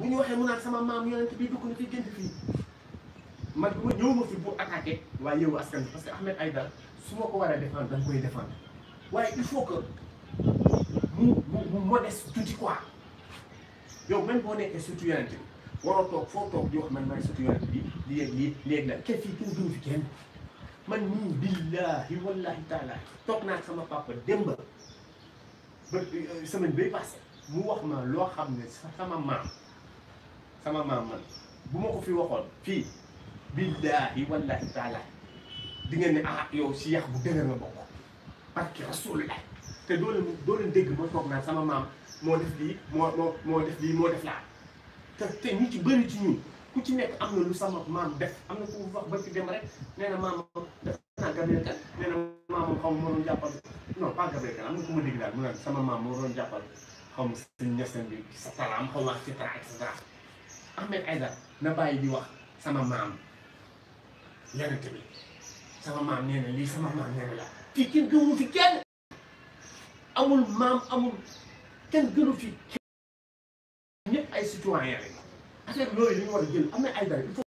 bu ñu waxee mu naan sama maam yonent bi dugg na fi génn fii man ma ñëw ma fi pour attaquer waa Yewwi Askan Wi parce que su ma ko war a défendre da nga koy waaye il faut que mu mu modeste tuuti toog foo toog wax man bi lii ak lii léegi nag kenn fii kenn duñu fi kenn man nii sama papa démb ba euh, semaine bay mu wax ma loo xam ne sama maam sama maam man bu ma ko fi waxoon fii billaahi wallaahi taala di nga ne ah yow si yax bu dëgër nga bokk barki rasulullah te doo doo dégg ma toog naan sama maam moo def moo moo moo def te te ci bëri ci ñun ku ci nekk am na lu def am na ku wax ba ci dem rek nee na maam def moo doon mu naan sama maam moo doon jàppal xaw ma sëñ bi sa talaam xaw ma et cetera et cetera Ahmed Aïdara na bàyyi di wax sama maam yonent bi sama maam nee na lii sama maam nee na la fii kenn gënu fi kenn amul maam amul kenn gënu fi kenn ñëpp ay citoyen rek affaire loolu li ñu war a jël Ahmed Aïdara il faut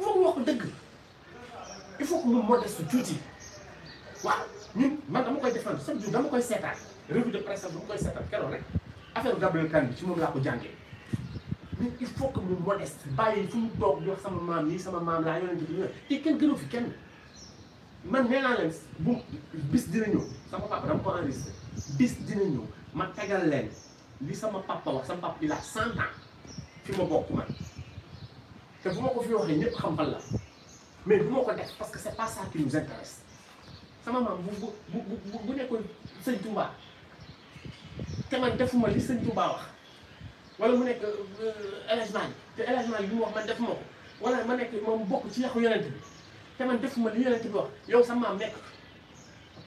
dëgg il faut mu wax dëgg il faut que mu modeste tuuti waaw ñun man dama koy défendre chaque jour dama koy seetaan revue de presse dama koy affaire Gabriel Kane bi ci moom laa ko jàngee mais il faut que mu modeste bàyyi fu mu toog jox sama maam yi sama maam laa yonent bi te kenn gënu fi kenn man nee naa leen bu bis dina ñëw sama papa dama ko enregistré bis dina ñëw ma tegal leen li sama papa wax sama papa il a cent ans fi ma bokk man te bu ma ko fi waxee ñëpp xam fan la mais bu ma ko def parce que c'est pas ça qui nous intéresse sama maam bu bu bu bu nekkoon sëñ Touba. te man defuma li sëñ Touba wax wala mu nekk élèvement euh, te élèvement bi li man defuma ko wala ma nekk moom bokk ci yaxu yonent bi te man defuma li yonent bi wax yow sa maam nekk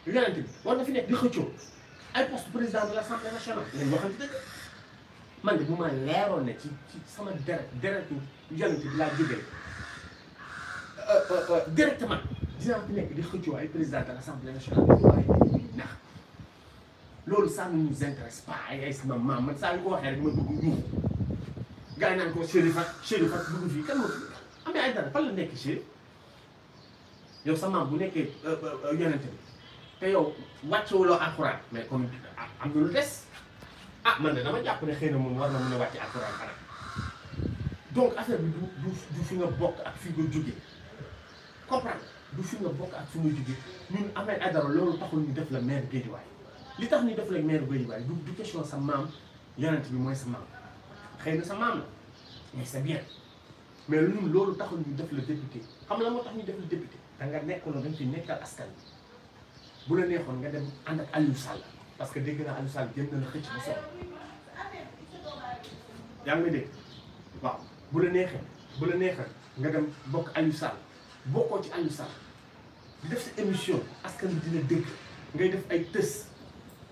yonent bi war na fi nekk di xëccoo ay poste président de l'Assemblée nationale lañ waxante dëgg man de bu ma leeroon ne ci ci sama deret deretu yonent bi laa jógee euh, euh, directement dinaa fi nekk di xëccoo ay président de l'Assemblée nationale waaye dañuy nax loolu ça ne nous intéresse pas ay ay man saa yu ko ma bëgg ñuuf gars yi naan ko Chérif ak Chérif ak kan moo amee ay dara nekk Chérif ah, yow sa maam bu nekkee euh, euh, euh, yonente bi te yow wàccewuloo alxuraan mais comme ah, am na lu des ah, man de dama jàpp ne xëy moom war na mën a wàcce alxuraan xanaa donc affaire bi du du fi nga bokk ak fi nga jóge comprendre du fi nga bokk ak fi nga jóge amee ay loolu taxul ñu def la maire Guédiawaye li tax ñu def la maire Guédiawaye du du question sa maam yonent bi mooy sa maam xëy na sa maam la mais c'est bien mais ñun loolu taxul ñu def la député xam la moo tax ñu def la député da nga nekkoon da nga fi nekkal askan bu la neexoon nga dem ànd ak Aliou Sall parce que dégg naa Aliou Sall jëm na la xëcc bu soxla yaa neexee bu la neexee nga dem bokk ali Sall bokkoo ci Aliou sal di def sa émission askan bi dina dégg ngay def ay tës.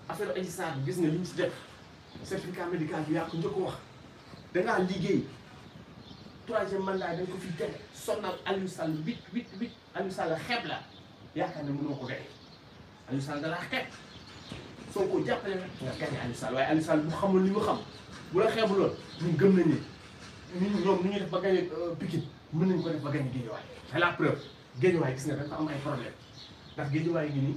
affaire Adji Sarr gis nga li mu si def certificat médical bi yaa ko njëkk wax dangaa liggéey troisième mandat da ko fi teg sonal Aliou Sall huit huit huit xeeb la yaakaar ne mënoo ko gañe Aliou Sall da soo ko jàppale nga gañe Aliou waaye Aliou bu xamul li mu xam bu la xeebuloon ñun gëm nañu ni ñun ñoom ni def ba gañe euh, Pikine mën nañu ko def ba gañe Guédiawaye c'est preuve Guédiawaye gis nga dafa am ay problème ndax Guédiawaye ngi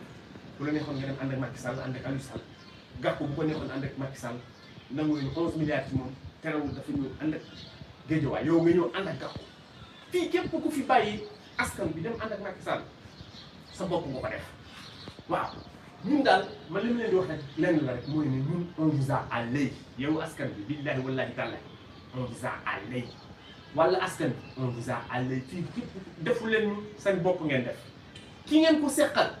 bu la neexoon nga dem ànd ak Macky Sall ànd ak Aliou Sall gàkku bu ko neexoon fi bàyyi askan bi dem ak Macky Sall sa bopp nga ko def waaw ñun daal man li ma leen lenn la rek mooy ne ñun on a yow askan bi billahi wallahi taala on vous a askan bi on vous a à l'œil fii képp defu leen seen bopp ngeen def ki ngeen ko seqal.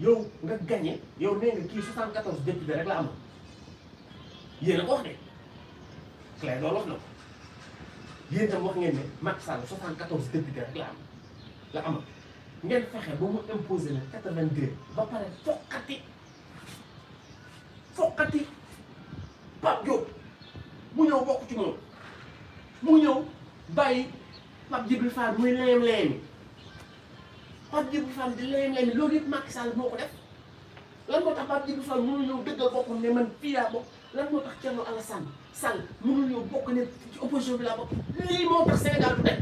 yow nga gagné yow nee nga kii 74 député rek la amoon yéen a ko wax de clair loolu wax na ko yéen itam wax ngeen ne Macky Sall 74 député rek la am la amoon ngeen fexe ba mu imposé na 82 ba pare fokkati fokkati Pape Diop mu ñëw bokk ci moom mu ñëw bàyyi Pape Djibril Fall muy leem leemi Pape Djibril Fall di leen leen loolu yëpp Macky Sall moo ko def lan moo tax Pape Djibril Fall mënul ñëw dëggal boppam ne man fii laa bokk lan moo tax Thierno Alassane Sall mënul ñëw bokk ne ci opposition bi laa bokk lii moo tax Sénégal du dem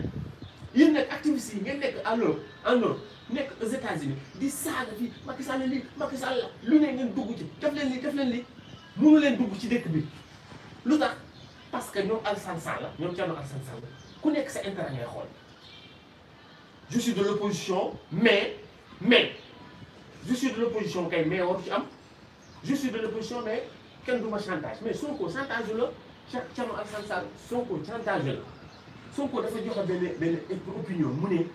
yéen nag activistes yi ngeen nekk à l'eau à l'eau nekk aux États-Unis di saaga fii Macky Sall lii Macky Sall la lu ne ngeen dugg ci def leen lii def leen lii mënu leen dugg ci dëkk bi lu tax parce que ñoom Alassane Sall la ñoom Thierno Alassane Sall ku nekk sa intérêt ngay xool je suis de l'opposition mais mais je suis de l'opposition mais je suis de l'opposition mais je chantage mais Sonko chantage son chaque son son chantage son Sonko dafa joxe opinion